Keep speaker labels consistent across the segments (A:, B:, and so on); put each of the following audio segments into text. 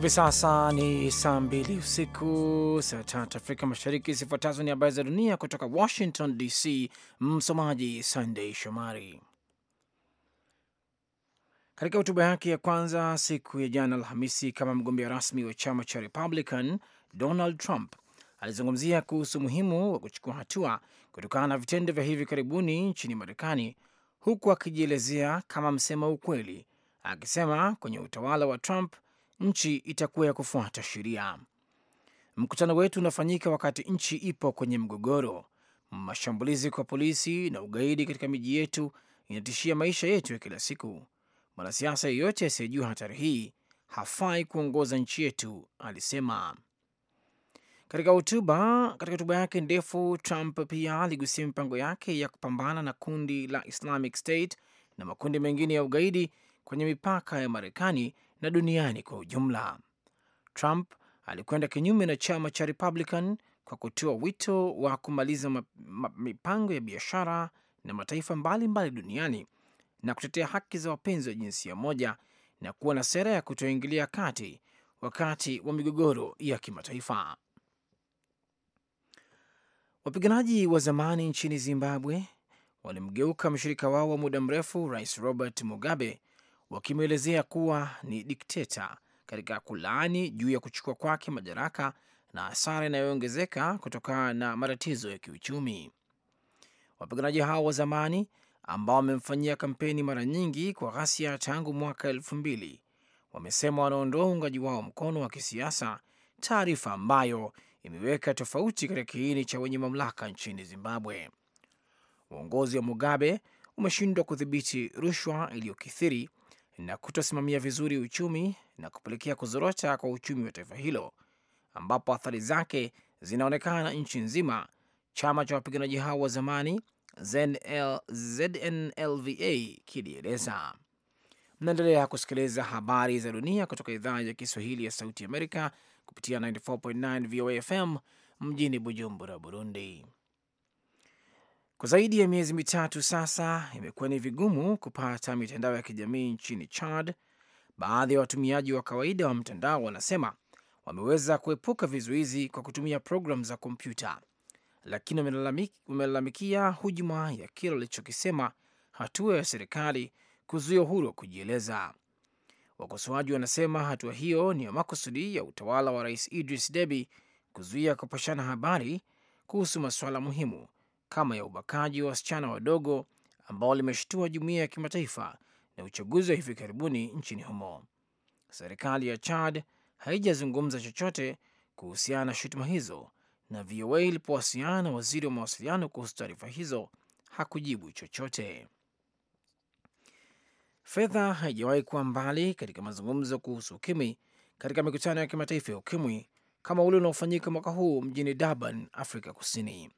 A: Hivi
B: sasa ni saa mbili usiku, saa tatu Afrika Mashariki. Zifuatazo ni habari za dunia kutoka Washington DC. Msomaji Sandei Shomari. Katika hotuba yake ya kwanza siku ya jana Alhamisi kama mgombea rasmi wa chama cha Republican, Donald Trump alizungumzia kuhusu umuhimu wa kuchukua hatua kutokana na vitendo vya hivi karibuni nchini Marekani, huku akijielezea kama msema ukweli, akisema kwenye utawala wa Trump nchi itakuwa ya kufuata sheria. Mkutano wetu unafanyika wakati nchi ipo kwenye mgogoro. Mashambulizi kwa polisi na ugaidi katika miji yetu inatishia maisha yetu ya kila siku. Mwanasiasa yeyote asiyejua hatari hii hafai kuongoza nchi yetu, alisema. Katika hotuba katika hotuba yake ndefu, Trump pia aligusia mipango yake ya kupambana na kundi la Islamic State na makundi mengine ya ugaidi kwenye mipaka ya Marekani na duniani kwa ujumla. Trump alikwenda kinyume na chama cha Republican kwa kutoa wito wa kumaliza mipango ya biashara na mataifa mbalimbali mbali duniani na kutetea haki za wapenzi wa jinsia moja na kuwa na sera ya kutoingilia kati wakati wa migogoro ya kimataifa. Wapiganaji wa zamani nchini Zimbabwe walimgeuka mshirika wao wa muda mrefu Rais Robert Mugabe wakimwelezea kuwa ni dikteta katika kulaani juu ya kuchukua kwake madaraka na hasara inayoongezeka kutokana na matatizo ya kiuchumi. Wapiganaji hao wa zamani ambao wamemfanyia kampeni mara nyingi kwa ghasia tangu mwaka elfu mbili wamesema wanaondoa uungaji wao mkono wa kisiasa, taarifa ambayo imeweka tofauti katika kiini cha wenye mamlaka nchini Zimbabwe. Uongozi wa Mugabe umeshindwa kudhibiti rushwa iliyokithiri na kutosimamia vizuri uchumi na kupelekea kuzorota kwa uchumi wa taifa hilo, ambapo athari zake zinaonekana nchi nzima. Chama cha wapiganaji hao wa zamani ZNLVA kilieleza. Mnaendelea kusikiliza habari za dunia kutoka idhaa ya Kiswahili ya Sauti Amerika kupitia 94.9 VOA FM mjini Bujumbura, Burundi. Kwa zaidi ya miezi mitatu sasa, imekuwa ni vigumu kupata mitandao ya kijamii nchini Chad. Baadhi ya watumiaji wa kawaida wa mtandao wanasema wameweza kuepuka vizuizi kwa kutumia programu za kompyuta, lakini wamelalamikia hujuma ya kile walichokisema hatua ya serikali kuzuia uhuru wa kujieleza. Wakosoaji wanasema hatua hiyo ni ya makusudi ya utawala wa Rais Idris Deby kuzuia kupashana habari kuhusu masuala muhimu kama ya ubakaji wa wasichana wadogo ambao limeshtua jumuiya ya kimataifa na uchaguzi wa hivi karibuni nchini humo. Serikali ya Chad haijazungumza chochote kuhusiana na shutuma hizo, na VOA ilipowasiliana na waziri wa mawasiliano kuhusu taarifa hizo hakujibu chochote. Fedha haijawahi kuwa mbali katika mazungumzo kuhusu ukimwi katika mikutano ya kimataifa ya ukimwi kama ule unaofanyika mwaka huu mjini Durban, Afrika Kusini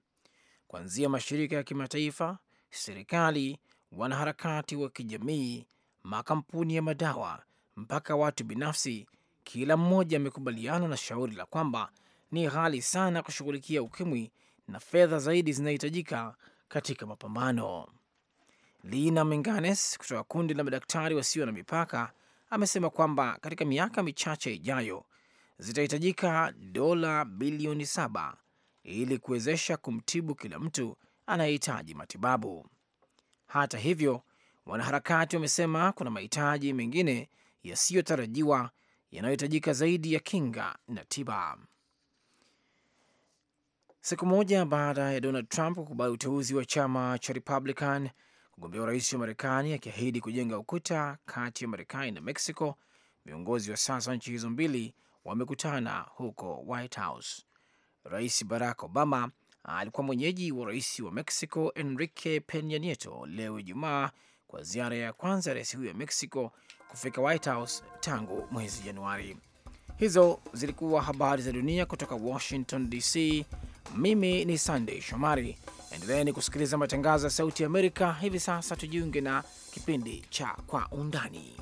B: kuanzia mashirika ya kimataifa, serikali, wanaharakati wa kijamii, makampuni ya madawa mpaka watu binafsi. Kila mmoja amekubaliana na shauri la kwamba ni ghali sana kushughulikia ukimwi na fedha zaidi zinahitajika katika mapambano. Lina Menganes kutoka kundi la madaktari wasio na mipaka amesema kwamba katika miaka michache ijayo zitahitajika dola bilioni saba ili kuwezesha kumtibu kila mtu anayehitaji matibabu. Hata hivyo, wanaharakati wamesema kuna mahitaji mengine yasiyotarajiwa yanayohitajika zaidi ya kinga na tiba. Siku moja baada ya Donald Trump kukubali uteuzi wa chama cha Republican kugombea urais wa Marekani, akiahidi kujenga ukuta kati ya Marekani na Mexico, viongozi wa sasa nchi hizo mbili wamekutana huko White House. Rais Barack Obama alikuwa mwenyeji wa rais wa Mexico Enrique Penya Nieto leo Ijumaa kwa ziara ya kwanza ya rais huyo ya Mexico kufika White House tangu mwezi Januari. Hizo zilikuwa habari za dunia kutoka Washington DC. Mimi ni Sandey Shomari. Endeleeni kusikiliza matangazo ya Sauti ya Amerika. Hivi sasa tujiunge na kipindi cha Kwa Undani.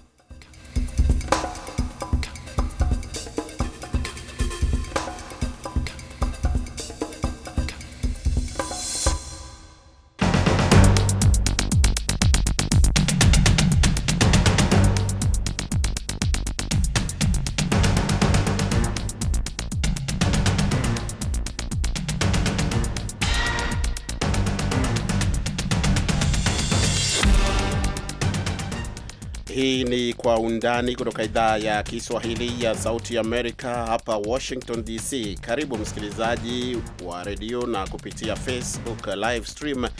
C: undani kutoka idhaa ya Kiswahili ya Sauti Amerika hapa Washington DC. Karibu msikilizaji wa redio na kupitia Facebook live stream eh,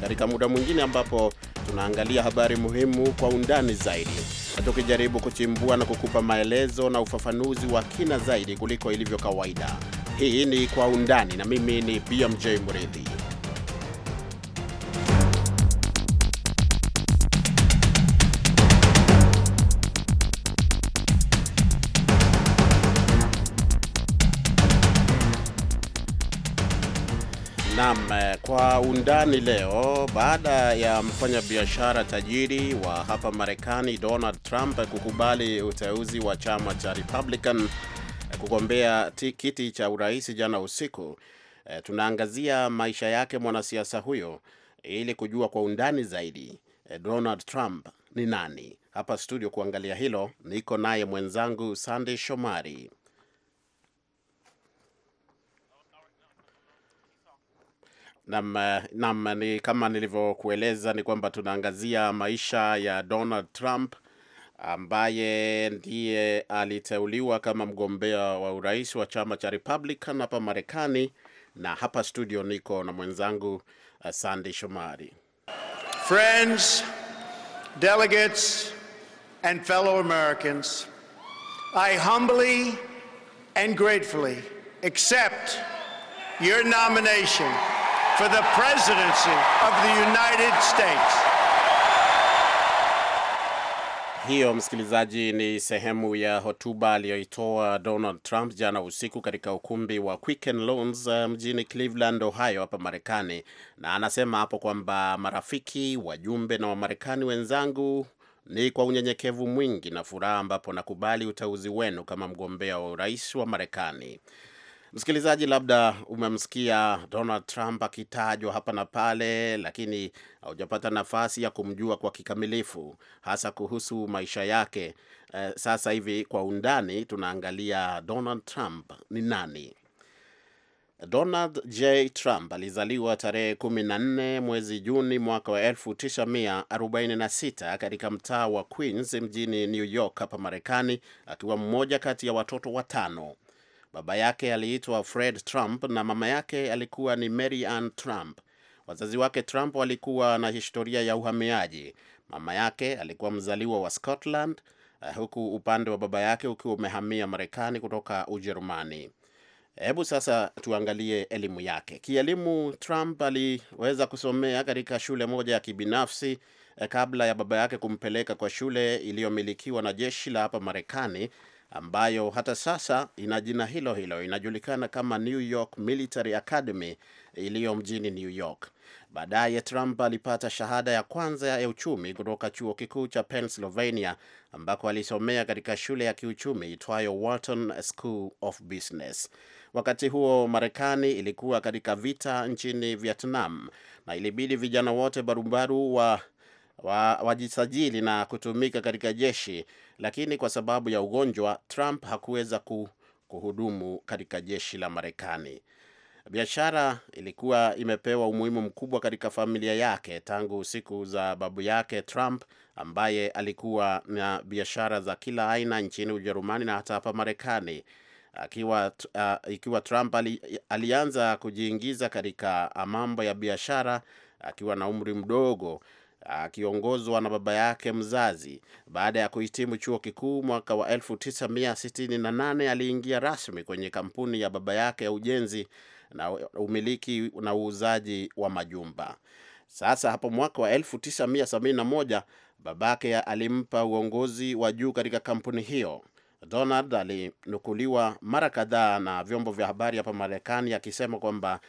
C: katika muda mwingine ambapo tunaangalia habari muhimu kwa undani zaidi, tukijaribu kuchimbua na kukupa maelezo na ufafanuzi wa kina zaidi kuliko ilivyo kawaida. Hii ni Kwa Undani na mimi ni BMJ mridhi Naam, eh, kwa undani leo, baada ya mfanyabiashara tajiri wa hapa Marekani Donald Trump kukubali uteuzi wa chama cha Republican eh, kugombea tikiti cha urais jana usiku, eh, tunaangazia maisha yake mwanasiasa huyo ili kujua kwa undani zaidi Donald Trump ni nani. Hapa studio kuangalia hilo niko naye mwenzangu Sandy Shomari. Nam, eh, nam, ni kama nilivyokueleza ni kwamba tunaangazia maisha ya Donald Trump ambaye ndiye aliteuliwa kama mgombea wa urais wa chama cha Republican hapa Marekani, na hapa studio niko na mwenzangu uh, Sandy Shomari. Friends,
D: delegates and fellow Americans, I humbly and gratefully accept your nomination for the presidency of the United States.
C: Hiyo msikilizaji, ni sehemu ya hotuba aliyoitoa Donald Trump jana usiku katika ukumbi wa Quicken Loans eh, mjini Cleveland, Ohio, hapa Marekani, na anasema hapo kwamba marafiki, wajumbe na Wamarekani wenzangu ni kwa unyenyekevu mwingi na furaha ambapo nakubali uteuzi wenu kama mgombea wa urais wa Marekani. Msikilizaji, labda umemsikia Donald Trump akitajwa hapa na pale, lakini haujapata nafasi ya kumjua kwa kikamilifu, hasa kuhusu maisha yake. Eh, sasa hivi kwa undani tunaangalia Donald Trump ni nani. Donald J. Trump alizaliwa tarehe 14 mwezi Juni mwaka wa 1946 katika mtaa wa Queens mjini New York hapa Marekani, akiwa mmoja kati ya watoto watano. Baba yake aliitwa Fred Trump na mama yake alikuwa ni Mary Ann Trump. Wazazi wake Trump walikuwa na historia ya uhamiaji. Mama yake alikuwa mzaliwa wa Scotland, eh, huku upande wa baba yake ukiwa umehamia Marekani kutoka Ujerumani. Hebu sasa tuangalie elimu yake. Kielimu, Trump aliweza kusomea katika shule moja ya kibinafsi eh, kabla ya baba yake kumpeleka kwa shule iliyomilikiwa na jeshi la hapa Marekani ambayo hata sasa ina jina hilo hilo, inajulikana kama New York Military Academy iliyo mjini New York. Baadaye Trump alipata shahada ya kwanza ya uchumi kutoka chuo kikuu cha Pennsylvania ambako alisomea katika shule ya kiuchumi itwayo Wharton School of Business. Wakati huo Marekani ilikuwa katika vita nchini Vietnam na ilibidi vijana wote barubaru wa wa, wajisajili na kutumika katika jeshi, lakini kwa sababu ya ugonjwa Trump hakuweza ku, kuhudumu katika jeshi la Marekani. Biashara ilikuwa imepewa umuhimu mkubwa katika familia yake tangu siku za babu yake Trump, ambaye alikuwa na biashara za kila aina nchini Ujerumani na hata hapa Marekani. Akiwa, uh, ikiwa Trump ali, alianza kujiingiza katika mambo ya biashara akiwa na umri mdogo akiongozwa na baba yake mzazi. Baada ya kuhitimu chuo kikuu mwaka wa 1968 aliingia rasmi kwenye kampuni ya baba yake ya ujenzi na umiliki na uuzaji wa majumba. Sasa hapo mwaka wa 1971 babake alimpa uongozi wa juu katika kampuni hiyo. Donald alinukuliwa mara kadhaa na vyombo vya habari hapa Marekani akisema kwamba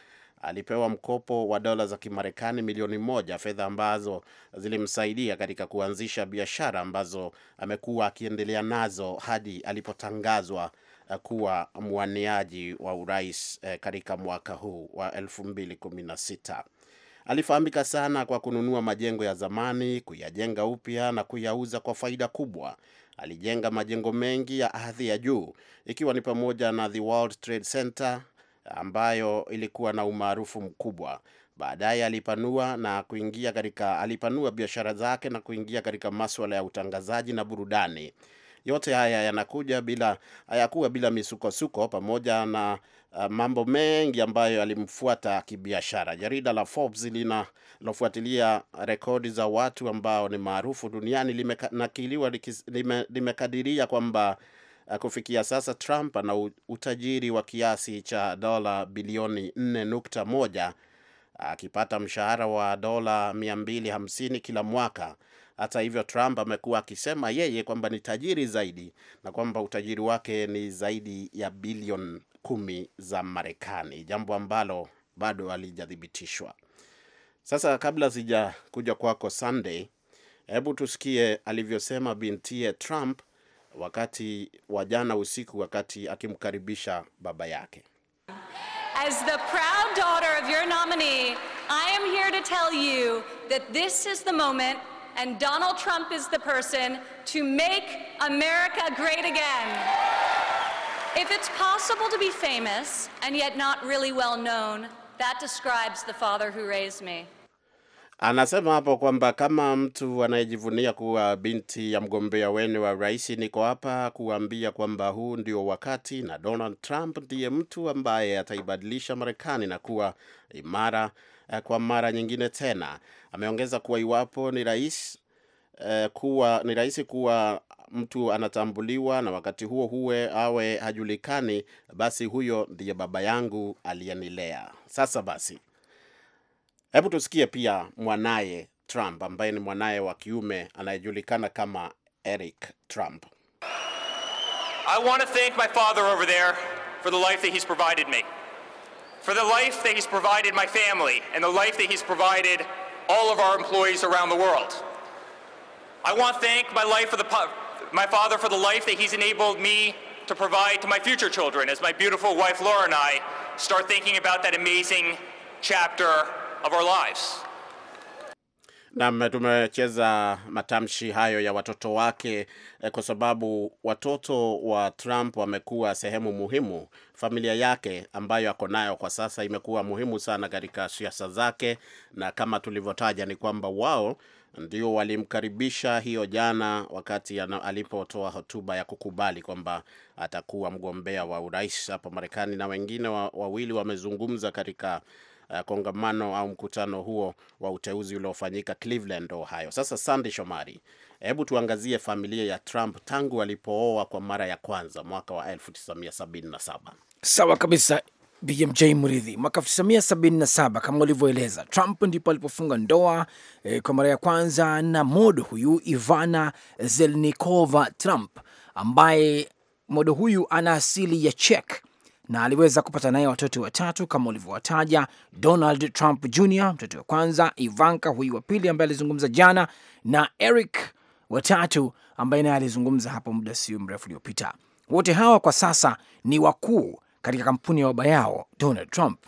C: alipewa mkopo wa dola za Kimarekani milioni moja, fedha ambazo zilimsaidia katika kuanzisha biashara ambazo amekuwa akiendelea nazo hadi alipotangazwa eh, kuwa mwaniaji wa urais eh, katika mwaka huu wa 2016. Alifahamika sana kwa kununua majengo ya zamani, kuyajenga upya na kuyauza kwa faida kubwa. Alijenga majengo mengi ya hadhi ya juu ikiwa ni pamoja na the World Trade Center, ambayo ilikuwa na umaarufu mkubwa. Baadaye alipanua na kuingia katika alipanua biashara zake na kuingia katika maswala ya utangazaji na burudani. Yote haya yanakuja bila hayakuwa bila misukosuko, pamoja na uh, mambo mengi ambayo alimfuata kibiashara. Jarida la Forbes linalofuatilia rekodi za watu ambao ni maarufu duniani limekanakiliwa, limelikadiria kwamba Eh, kufikia sasa Trump ana utajiri wa kiasi cha dola bilioni 4.1 akipata mshahara wa dola 250 kila mwaka. Hata hivyo, Trump amekuwa akisema yeye kwamba ni tajiri zaidi na kwamba utajiri wake ni zaidi ya bilioni kumi za Marekani, jambo ambalo bado halijathibitishwa. Sasa kabla kuja kwako Sunday, hebu tusikie alivyosema bintiye Trump wakati wa jana usiku, wakati akimkaribisha baba yake.
D: As the proud daughter of your nominee, I am here to tell you that this is the moment and Donald Trump is the person to make America great again. If it's possible to be famous and yet not really well known, that describes the father who raised me.
C: Anasema hapo kwamba kama mtu anayejivunia kuwa binti ya mgombea wenu wa rais, niko hapa kuambia kwamba huu ndio wakati, na Donald Trump ndiye mtu ambaye ataibadilisha Marekani na kuwa imara eh, kwa mara nyingine tena. Ameongeza kuwa iwapo ni rais eh, kuwa ni rahisi kuwa mtu anatambuliwa na wakati huo huwe awe hajulikani, basi huyo ndiye baba yangu aliyenilea. Sasa basi Hebu tusikie pia mwanaye Trump ambaye ni mwanaye wa kiume anayejulikana kama Eric Trump.
D: I want to thank my father over there for the life that he's provided me. For the life that he's provided my family and the life that he's provided all of our employees around the world. I want to thank my life for the my father for the life that he's enabled me to provide to my future children as my beautiful wife Laura and I start thinking about that amazing chapter of our lives.
C: Nam, tumecheza matamshi hayo ya watoto wake eh, kwa sababu watoto wa Trump wamekuwa sehemu muhimu. Familia yake ambayo ako nayo kwa sasa imekuwa muhimu sana katika siasa zake, na kama tulivyotaja ni kwamba wao ndio walimkaribisha hiyo jana wakati alipotoa hotuba ya kukubali kwamba atakuwa mgombea wa urais hapa Marekani, na wengine wawili wamezungumza katika uh, kongamano au mkutano huo wa uteuzi uliofanyika Cleveland, Ohio. Sasa Sandy Shomari, hebu tuangazie familia ya Trump tangu alipooa kwa mara ya kwanza mwaka wa 1977.
B: Sawa kabisa BMJ Mridhi. Mwaka 1977 kama ulivyoeleza, Trump ndipo alipofunga ndoa e, kwa mara ya kwanza na modo huyu Ivana Zelnikova Trump, ambaye modo huyu ana asili ya Czech na aliweza kupata naye watoto watatu kama ulivyowataja, Donald Trump Jr mtoto wa kwanza, Ivanka huyu wa pili ambaye alizungumza jana, na Eric watatu ambaye naye alizungumza hapo muda sio mrefu uliopita. Wote hawa kwa sasa ni wakuu katika kampuni ya baba yao Donald Trump.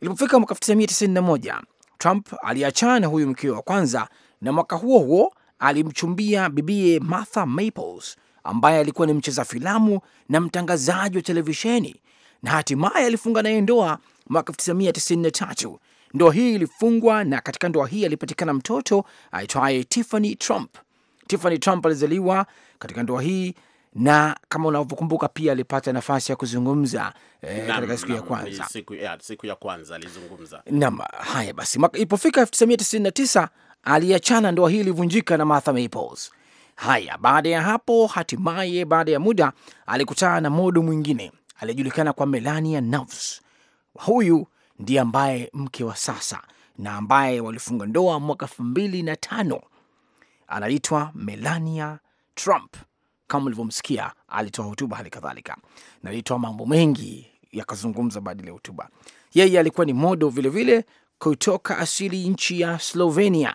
B: Ilipofika mwaka 1991 Trump aliachana huyu mkeo wa kwanza, na mwaka huo huo alimchumbia bibie Martha Maples ambaye alikuwa ni mcheza filamu na mtangazaji wa televisheni na hatimaye alifunga naye ndoa mwaka 1993. Ndoa hii ilifungwa na katika ndoa hii alipatikana mtoto aitwaye Tiffany Trump. Tiffany Trump alizaliwa katika ndoa hii na kama unavyokumbuka pia alipata nafasi ya kuzungumza eh, katika siku ya kwanza siku
C: ya, siku ya kwanza alizungumza. nam. haya basi,
B: ilipofika 1999 aliachana, ndoa hii ilivunjika na Martha Maples Haya, baada ya hapo, hatimaye baada ya muda alikutana na modo mwingine aliyejulikana kwa Melania Knauss. Huyu ndiye ambaye mke wa sasa na ambaye walifunga ndoa mwaka elfu mbili na tano. Anaitwa Melania Trump. Kama ulivyomsikia, alitoa hotuba, hali kadhalika na alitoa mambo mengi yakazungumza baada ya hotuba. Yeye alikuwa ni modo vilevile, kutoka asili nchi ya Slovenia,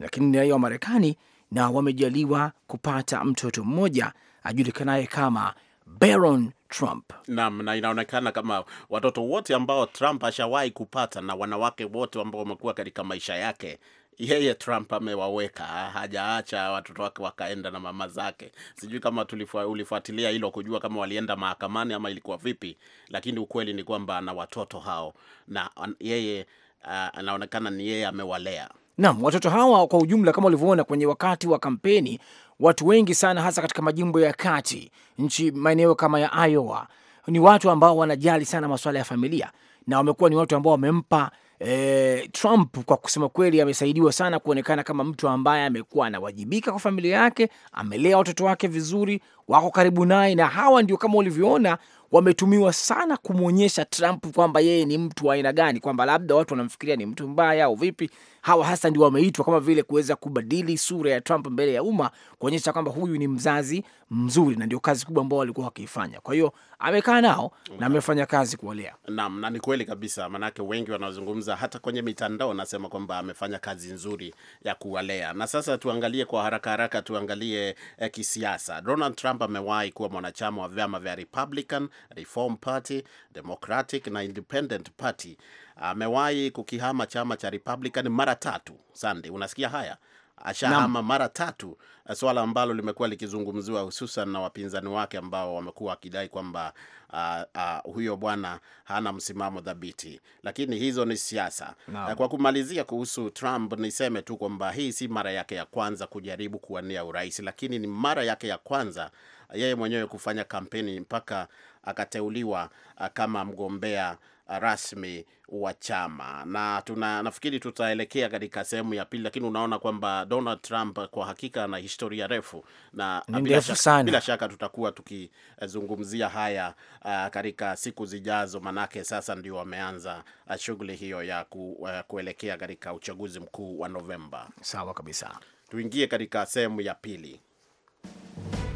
B: lakini raia wa Marekani na wamejaliwa kupata mtoto mmoja ajulikanaye kama Baron Trump.
C: Naam, na inaonekana kama watoto wote ambao Trump ashawahi kupata na wanawake wote ambao wamekuwa katika maisha yake yeye Trump amewaweka, hajaacha watoto wake wakaenda na mama zake. Sijui kama ulifuatilia hilo kujua kama walienda mahakamani ama ilikuwa vipi, lakini ukweli ni kwamba ana watoto hao na yeye uh, anaonekana ni yeye amewalea.
B: Naam, watoto hawa kwa ujumla, kama ulivyoona kwenye wakati wa kampeni, watu wengi sana, hasa katika majimbo ya kati nchi, maeneo kama ya Iowa, ni watu ambao wanajali sana masuala ya familia na wamekuwa ni watu ambao wamempa E, Trump kwa kusema kweli amesaidiwa sana kuonekana kama mtu ambaye amekuwa anawajibika kwa familia yake, amelea watoto wake vizuri, wako karibu naye, na hawa ndio kama ulivyoona wametumiwa sana kumwonyesha Trump kwamba yeye ni mtu wa aina gani, kwamba labda watu wanamfikiria ni mtu mbaya au vipi, hawa hasa ndio wameitwa kama vile kuweza kubadili sura ya Trump mbele ya umma, kuonyesha kwamba huyu ni mzazi mzuri, na ndio kazi kubwa ambao walikuwa wakiifanya. Kwa hiyo amekaa nao na amefanya kazi kuwalea.
C: Naam, na ni kweli kabisa, maanake wengi wanazungumza hata kwenye mitandao nasema kwamba amefanya kazi nzuri ya kuwalea. Na sasa tuangalie kwa haraka haraka, tuangalie eh, kisiasa. Donald Trump amewahi kuwa mwanachama wa vyama vya Republican, Reform Party, Democratic na Independent Party amewahi kukihama chama cha Republican mara tatu. Sande, unasikia haya ashahama mara tatu, eh, swala ambalo limekuwa likizungumziwa hususan na wapinzani wake ambao wamekuwa wakidai kwamba uh, uh, huyo bwana hana msimamo thabiti, lakini hizo ni siasa. Eh, kwa kumalizia kuhusu Trump, niseme tu kwamba hii si mara yake ya kwanza kujaribu kuwania urais, lakini ni mara yake ya kwanza eh, yeye mwenyewe kufanya kampeni mpaka akateuliwa kama mgombea rasmi wa chama, na tuna, nafikiri tutaelekea katika sehemu ya pili, lakini unaona kwamba Donald Trump kwa hakika ana historia refu na bila shaka, bila shaka tutakuwa tukizungumzia haya uh, katika siku zijazo, manake sasa ndio wameanza ah, shughuli hiyo ya ku, uh, kuelekea katika uchaguzi mkuu wa Novemba. Sawa kabisa, tuingie katika sehemu ya pili.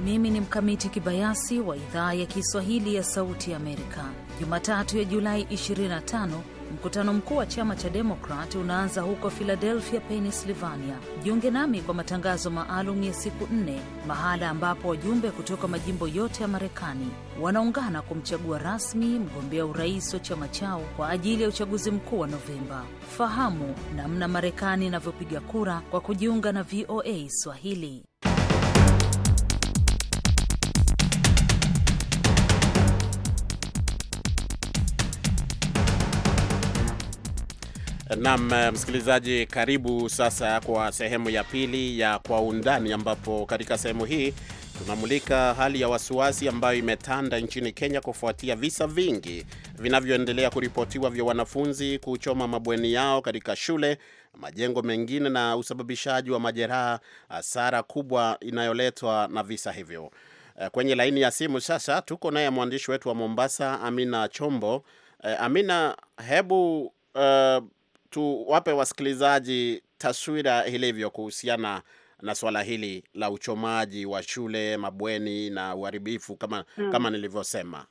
A: Mimi ni Mkamiti Kibayasi wa idhaa ya Kiswahili ya Sauti ya Amerika. Jumatatu ya Julai 25 mkutano mkuu wa chama cha Demokrat unaanza huko Philadelphia, Pennsylvania. Jiunge nami kwa matangazo maalum ya siku nne, mahala ambapo wajumbe kutoka majimbo yote ya Marekani wanaungana kumchagua rasmi mgombea urais wa chama chao kwa ajili ya uchaguzi mkuu wa Novemba. Fahamu namna Marekani inavyopiga kura kwa kujiunga na VOA Swahili.
C: Naam, msikilizaji, karibu sasa kwa sehemu ya pili ya Kwa Undani, ambapo katika sehemu hii tunamulika hali ya wasiwasi ambayo imetanda nchini Kenya kufuatia visa vingi vinavyoendelea kuripotiwa vya wanafunzi kuchoma mabweni yao katika shule majengo mengine na usababishaji wa majeraha, hasara kubwa inayoletwa na visa hivyo. Eh, kwenye laini ya simu sasa tuko naye mwandishi wetu wa Mombasa, Amina Chombo. Eh, Amina, hebu uh, tuwape wasikilizaji taswira ilivyo kuhusiana na swala hili la uchomaji wa shule, mabweni na uharibifu kama hmm, kama nilivyosema.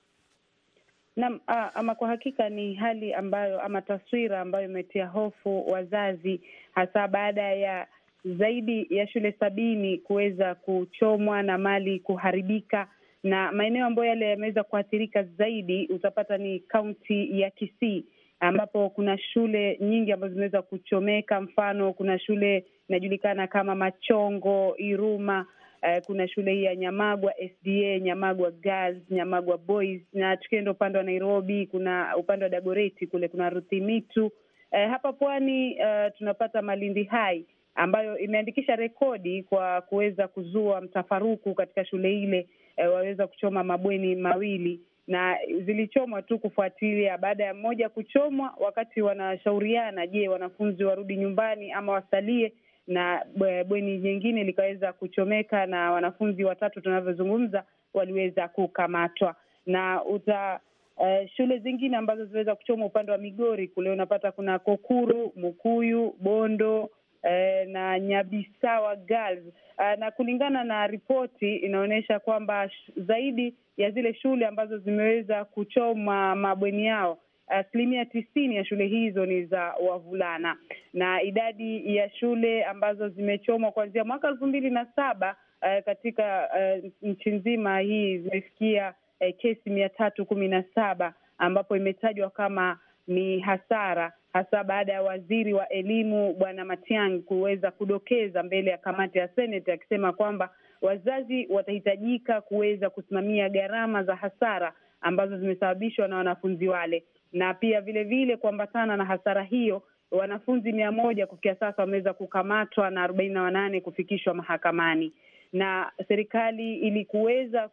A: Naam, ama kwa hakika ni hali ambayo ama taswira ambayo imetia hofu wazazi, hasa baada ya zaidi ya shule sabini kuweza kuchomwa na mali kuharibika, na maeneo ambayo yale yameweza kuathirika zaidi utapata ni kaunti ya Kisii ambapo kuna shule nyingi ambazo zimeweza kuchomeka. Mfano, kuna shule inajulikana kama Machongo Iruma, eh, kuna shule hii ya Nyamagwa SDA, Nyamagwa Girls, Nyamagwa Boys, na tukienda upande wa Nairobi kuna upande wa Dagoreti kule kuna Ruthimitu. Eh, hapa pwani eh, tunapata Malindi High ambayo imeandikisha rekodi kwa kuweza kuzua mtafaruku katika shule ile, eh, waweza kuchoma mabweni mawili na zilichomwa tu kufuatilia baada ya mmoja kuchomwa, wakati wanashauriana, je, wanafunzi warudi nyumbani ama wasalie, na bweni nyingine likaweza kuchomeka, na wanafunzi watatu tunavyozungumza waliweza kukamatwa na uta Uh, shule zingine ambazo ziliweza kuchomwa upande wa Migori kule unapata kuna Kokuru, Mukuyu, Bondo, Eh, na Nyabisawa Girls eh, na kulingana na ripoti inaonyesha kwamba zaidi ya zile shule ambazo zimeweza kuchoma mabweni yao asilimia tisini ya shule hizo ni za wavulana na idadi ya shule ambazo zimechomwa kuanzia mwaka elfu mbili na saba uh, katika uh, nchi nzima hii zimefikia uh, kesi mia tatu kumi na saba ambapo imetajwa kama ni hasara hasa baada ya waziri wa elimu Bwana Matiang'i kuweza kudokeza mbele ya kamati ya Seneti akisema kwamba wazazi watahitajika kuweza kusimamia gharama za hasara ambazo zimesababishwa na wanafunzi wale, na pia vilevile kuambatana na hasara hiyo wanafunzi mia moja kufikia sasa wameweza kukamatwa na arobaini na wanane kufikishwa mahakamani, na serikali ilikuweza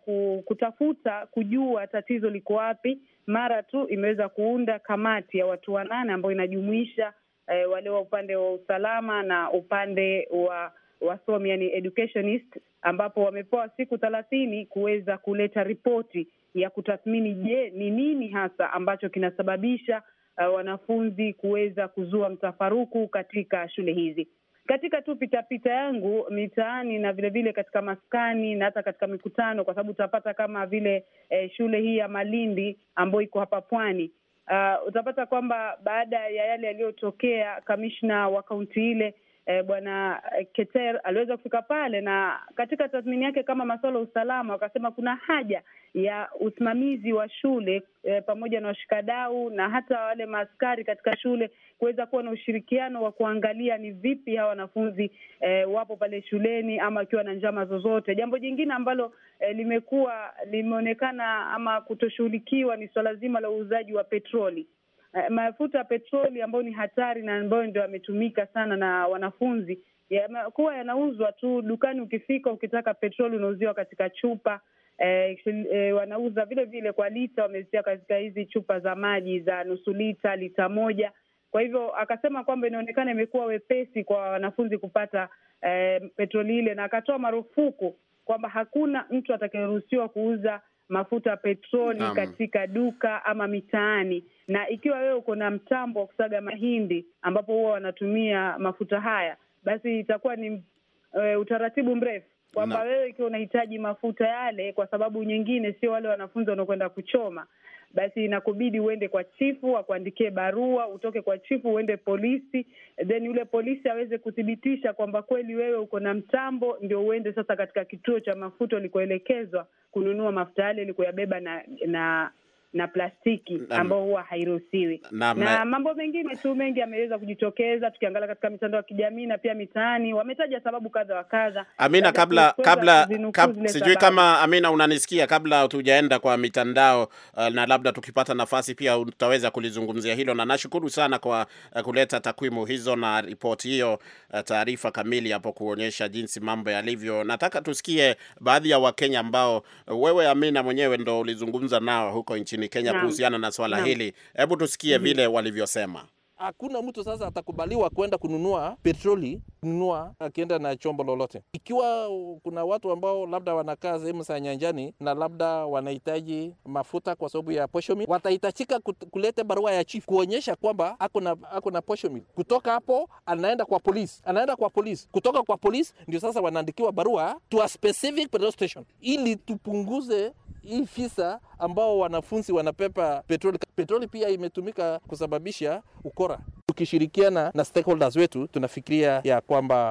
A: kutafuta kujua tatizo liko wapi mara tu imeweza kuunda kamati ya watu wanane ambayo inajumuisha eh, wale wa upande wa usalama na upande wa wasomi yani educationist, ambapo wamepewa siku thelathini kuweza kuleta ripoti ya kutathmini, je, ni nini hasa ambacho kinasababisha uh, wanafunzi kuweza kuzua mtafaruku katika shule hizi katika tu pitapita yangu mitaani na vilevile vile katika maskani na hata katika mikutano, kwa sababu utapata kama vile eh, shule hii ya Malindi ambayo iko hapa Pwani. Uh, utapata kwamba baada ya yale yaliyotokea, kamishna wa kaunti ile e, bwana eh, Keter aliweza kufika pale, na katika tathmini yake kama masuala ya usalama, wakasema kuna haja ya usimamizi wa shule e, pamoja na washikadau na hata wale maaskari katika shule kuweza kuwa na ushirikiano wa kuangalia ni vipi hawa wanafunzi e, wapo pale shuleni ama akiwa na njama zozote. Jambo jingine ambalo e, limekuwa limeonekana ama kutoshughulikiwa ni swala zima la uuzaji wa petroli. Eh, mafuta ya petroli ambayo ni hatari na ambayo ndio yametumika sana na wanafunzi yamekuwa yanauzwa tu dukani. Ukifika ukitaka petroli unauziwa katika chupa eh, eh, wanauza vile vile kwa lita, wamezitia katika hizi chupa za maji za nusu lita, lita moja. Kwa hivyo akasema kwamba inaonekana imekuwa wepesi kwa wanafunzi kupata eh, petroli ile, na akatoa marufuku kwamba hakuna mtu atakayeruhusiwa kuuza mafuta ya petroli katika duka ama mitaani, na ikiwa wewe uko na mtambo wa kusaga mahindi ambapo huwa wanatumia mafuta haya, basi itakuwa ni e, utaratibu mrefu kwamba wewe ikiwa unahitaji mafuta yale, kwa sababu nyingine sio wale wanafunzi wanaokwenda kuchoma, basi inakubidi uende kwa chifu akuandikie barua, utoke kwa chifu uende polisi, then yule polisi aweze kuthibitisha kwamba kweli wewe uko na mtambo, ndio uende sasa katika kituo cha mafuta ulikoelekezwa kununua mafuta yale kuyabeba na na na plastiki ambao huwa hairuhusiwi na, na, na mambo mengine tu mengi yameweza kujitokeza tukiangalia katika mitandao ya kijamii na pia mitaani wametaja sababu kadha wa kadha. Amina, kabla kabla kab, sijui kama
C: Amina unanisikia, kabla tujaenda kwa mitandao uh, na labda tukipata nafasi pia utaweza kulizungumzia hilo, na nashukuru sana kwa uh, kuleta takwimu hizo na ripoti hiyo uh, taarifa kamili hapo kuonyesha jinsi mambo yalivyo. Nataka tusikie baadhi ya Wakenya ambao uh, wewe Amina mwenyewe ndo ulizungumza nao huko nchini nchini Kenya kuhusiana na swala na hili. Hebu tusikie mm -hmm. vile walivyosema.
E: Hakuna mtu sasa atakubaliwa kwenda kununua petroli kununua akienda na chombo lolote. Ikiwa kuna watu ambao labda wanakaa sehemu za nyanjani na labda wanahitaji mafuta kwa sababu ya posho watahitajika kuleta barua ya chief kuonyesha kwamba ako na posho Kutoka hapo anaenda kwa polisi, anaenda kwa polisi, kutoka kwa polisi ndio sasa wanaandikiwa barua to a specific petrol station, ili tupunguze hii fisa ambao wanafunzi wanapepa petroli. Petroli pia imetumika kusababisha ukora. Tukishirikiana na stakeholders wetu, tunafikiria ya kwamba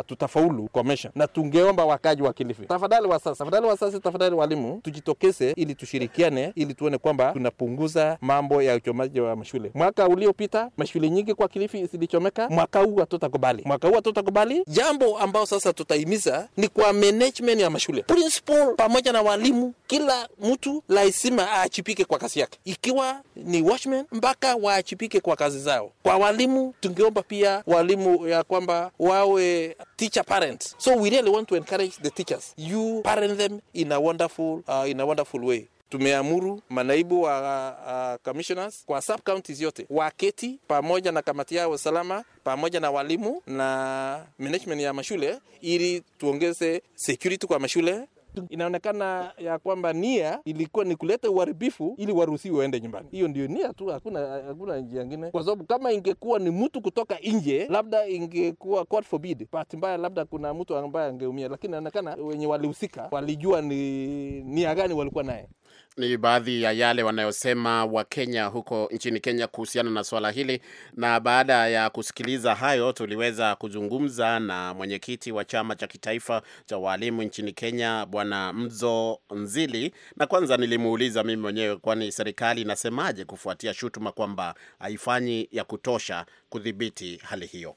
E: uh, tutafaulu kukomesha, na tungeomba wakaji wa Kilifi, tafadhali wasasi, tafadhali wasasi, tafadhali walimu, tujitokeze ili tushirikiane, ili tuone kwamba tunapunguza mambo ya uchomaji wa mashule. Mwaka uliopita mashule nyingi kwa Kilifi zilichomeka, mwaka huu hatutakubali, mwaka huu hatutakubali. Jambo ambao sasa tutahimiza ni kwa management ya mashule, principal pamoja na walimu, kila mtu lazima aachipike kwa kazi yake, ikiwa ni watchman mpaka waachipike kwa kazi zao. Kwa walimu tungeomba pia walimu ya kwamba wawe teacher parents. So we really want to encourage the teachers. You parent them in a wonderful, uh, in a wonderful way. Tumeamuru manaibu wa uh, commissioners kwa sub counties yote waketi pamoja na kamati yao usalama pamoja na walimu na management ya mashule ili tuongeze security kwa mashule Inaonekana ya kwamba nia ilikuwa ni kuleta uharibifu ili waruhusiwe waende nyumbani. Hiyo ndio nia tu, hakuna hakuna njia nyingine, kwa sababu kama ingekuwa ni mtu kutoka nje, labda ingekuwa God forbid, bahati mbaya, labda kuna mtu ambaye angeumia, lakini inaonekana wenye walihusika walijua ni nia gani walikuwa naye.
C: Ni baadhi ya yale wanayosema Wakenya huko nchini Kenya kuhusiana na swala hili. Na baada ya kusikiliza hayo, tuliweza kuzungumza na mwenyekiti wa chama cha kitaifa cha waalimu nchini Kenya, Bwana Mzo Nzili, na kwanza nilimuuliza mimi mwenyewe, kwani serikali inasemaje kufuatia shutuma kwamba haifanyi ya kutosha kudhibiti
D: hali hiyo?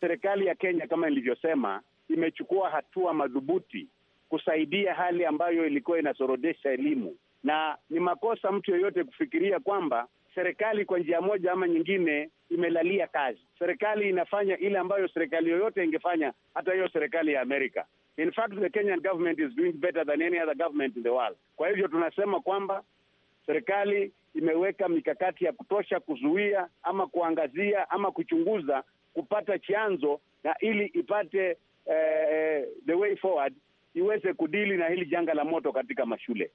D: Serikali ya Kenya kama ilivyosema, imechukua hatua madhubuti kusaidia hali ambayo ilikuwa inasorodesha elimu na ni makosa mtu yeyote kufikiria kwamba serikali kwa njia moja ama nyingine imelalia kazi. Serikali inafanya ile ambayo serikali yoyote ingefanya, hata hiyo serikali ya Amerika. In fact the Kenyan government is doing better than any other government in the world. Kwa hivyo tunasema kwamba serikali imeweka mikakati ya kutosha kuzuia ama kuangazia ama kuchunguza kupata chanzo na ili ipate eh, eh the way forward iweze kudili na hili janga la moto katika mashule.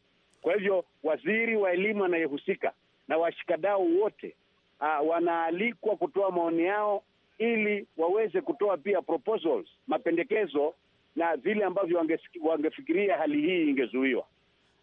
D: Kwa hivyo waziri wa elimu anayehusika na washikadau wote uh, wanaalikwa kutoa maoni yao ili waweze kutoa pia proposals, mapendekezo na vile ambavyo wange, wangefikiria hali hii ingezuiwa.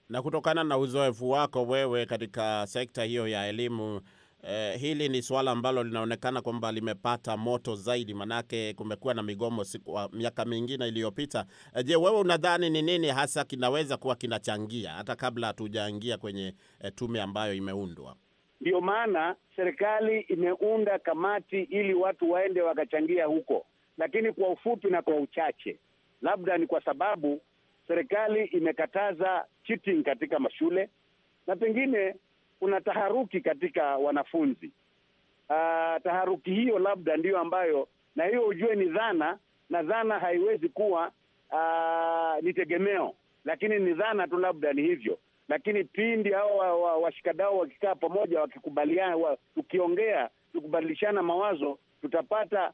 C: Na kutokana na uzoefu wako wewe katika sekta hiyo ya elimu eh, hili ni suala ambalo linaonekana kwamba limepata moto zaidi, manake kumekuwa na migomo kwa miaka mingine iliyopita. Eh, je, wewe unadhani ni nini hasa kinaweza kuwa kinachangia, hata kabla hatujaingia kwenye eh, tume ambayo imeundwa?
D: Ndio maana serikali imeunda kamati ili watu waende wakachangia huko, lakini kwa ufupi na kwa uchache, labda ni kwa sababu serikali imekataza cheating katika mashule na pengine kuna taharuki katika wanafunzi. Uh, taharuki hiyo labda ndiyo ambayo, na hiyo ujue ni dhana, na dhana haiwezi kuwa uh, ni tegemeo, lakini ni dhana tu, labda ni hivyo. Lakini pindi hao washikadao wa, wa wakikaa pamoja, wakikubaliana wa, tukiongea, tukubadilishana mawazo, tutapata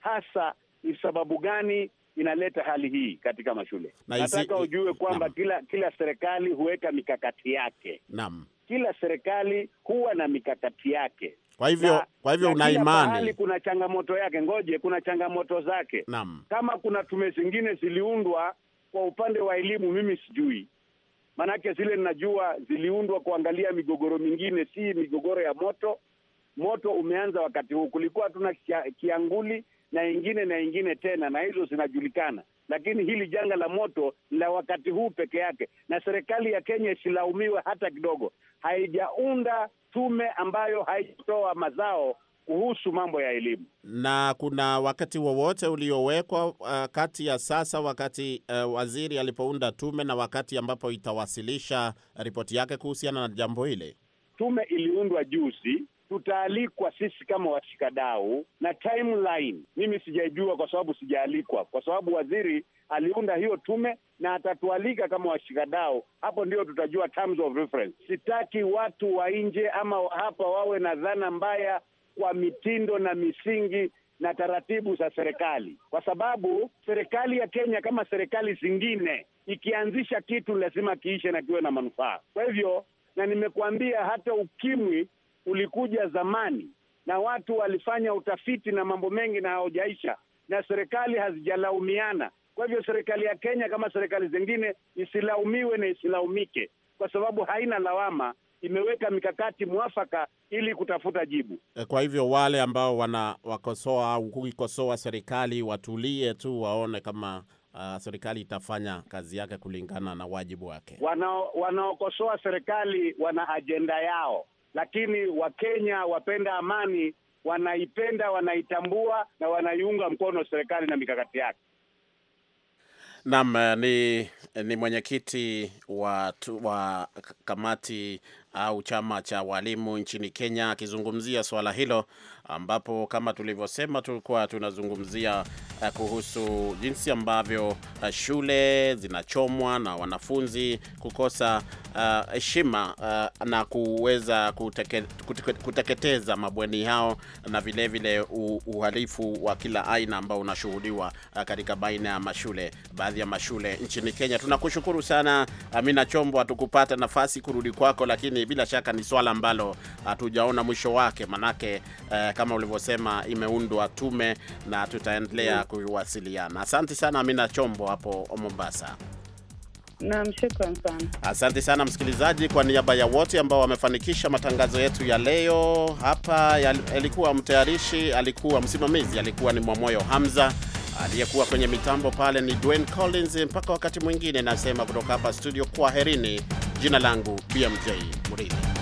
D: hasa ni sababu gani inaleta hali hii katika mashule. Nataka ujue kwamba kila kila serikali huweka mikakati yake. Naam kila serikali huwa na mikakati yake.
C: Kwa hivyo na, kwa hivyo una imani
D: kuna changamoto yake, ngoje, kuna changamoto zake. Naam. Kama kuna tume zingine ziliundwa kwa upande wa elimu, mimi sijui, maanake zile ninajua ziliundwa kuangalia migogoro mingine, si migogoro ya moto. Moto umeanza wakati huu, kulikuwa hatuna kianguli na ingine na ingine tena, na hizo zinajulikana lakini hili janga la moto la wakati huu peke yake, na serikali ya Kenya isilaumiwe hata kidogo. Haijaunda tume ambayo haijatoa mazao kuhusu mambo ya elimu.
C: Na kuna wakati wowote uliowekwa uh, kati ya sasa wakati uh, waziri alipounda tume na wakati ambapo itawasilisha ripoti yake kuhusiana na jambo hili?
D: Tume iliundwa juzi tutaalikwa sisi kama washikadau na timeline mimi sijajua, kwa sababu sijaalikwa, kwa sababu waziri aliunda hiyo tume na atatualika kama washikadau. Hapo ndio tutajua terms of reference. Sitaki watu wa nje ama hapa wawe na dhana mbaya kwa mitindo na misingi na taratibu za serikali, kwa sababu serikali ya Kenya kama serikali zingine ikianzisha kitu lazima kiishe na kiwe na manufaa. Kwa hivyo, na nimekuambia hata ukimwi ulikuja zamani na watu walifanya utafiti na mambo mengi na haujaisha na serikali hazijalaumiana. Kwa hivyo serikali ya Kenya kama serikali zingine isilaumiwe na isilaumike, kwa sababu haina lawama. Imeweka mikakati mwafaka ili kutafuta jibu.
C: Kwa hivyo wale ambao wanawakosoa au kuikosoa serikali watulie tu, waone kama uh, serikali itafanya kazi yake kulingana na wajibu wake.
D: wanaokosoa serikali wana ajenda yao lakini Wakenya wapenda amani wanaipenda, wanaitambua na wanaiunga mkono serikali na mikakati yake.
C: Naam, eh, ni, ni mwenyekiti wa, wa kamati au chama cha walimu nchini Kenya akizungumzia swala hilo, ambapo kama tulivyosema tulikuwa tunazungumzia eh, kuhusu jinsi ambavyo eh, shule zinachomwa na wanafunzi kukosa Uh, heshima uh, uh, na kuweza kuteke, kuteke, kuteketeza mabweni hao na vilevile vile uhalifu wa kila aina ambao unashuhudiwa uh, katika baina ya mashule baadhi ya mashule nchini Kenya. Tunakushukuru sana Amina Chombo, hatukupata nafasi kurudi kwako, lakini bila shaka ni swala ambalo hatujaona uh, mwisho wake, manake uh, kama ulivyosema imeundwa tume na tutaendelea kuwasiliana. Asante sana Amina Chombo hapo Mombasa.
A: Naam, shukran sana.
C: Asante sana msikilizaji, kwa niaba ya wote ambao wamefanikisha matangazo yetu ya leo hapa. Alikuwa mtayarishi, alikuwa msimamizi, alikuwa ni Mwamoyo Hamza, aliyekuwa kwenye mitambo pale ni Dwayne Collins. Mpaka wakati mwingine, nasema kutoka hapa studio, kwaherini. Jina langu BMJ Mridhi.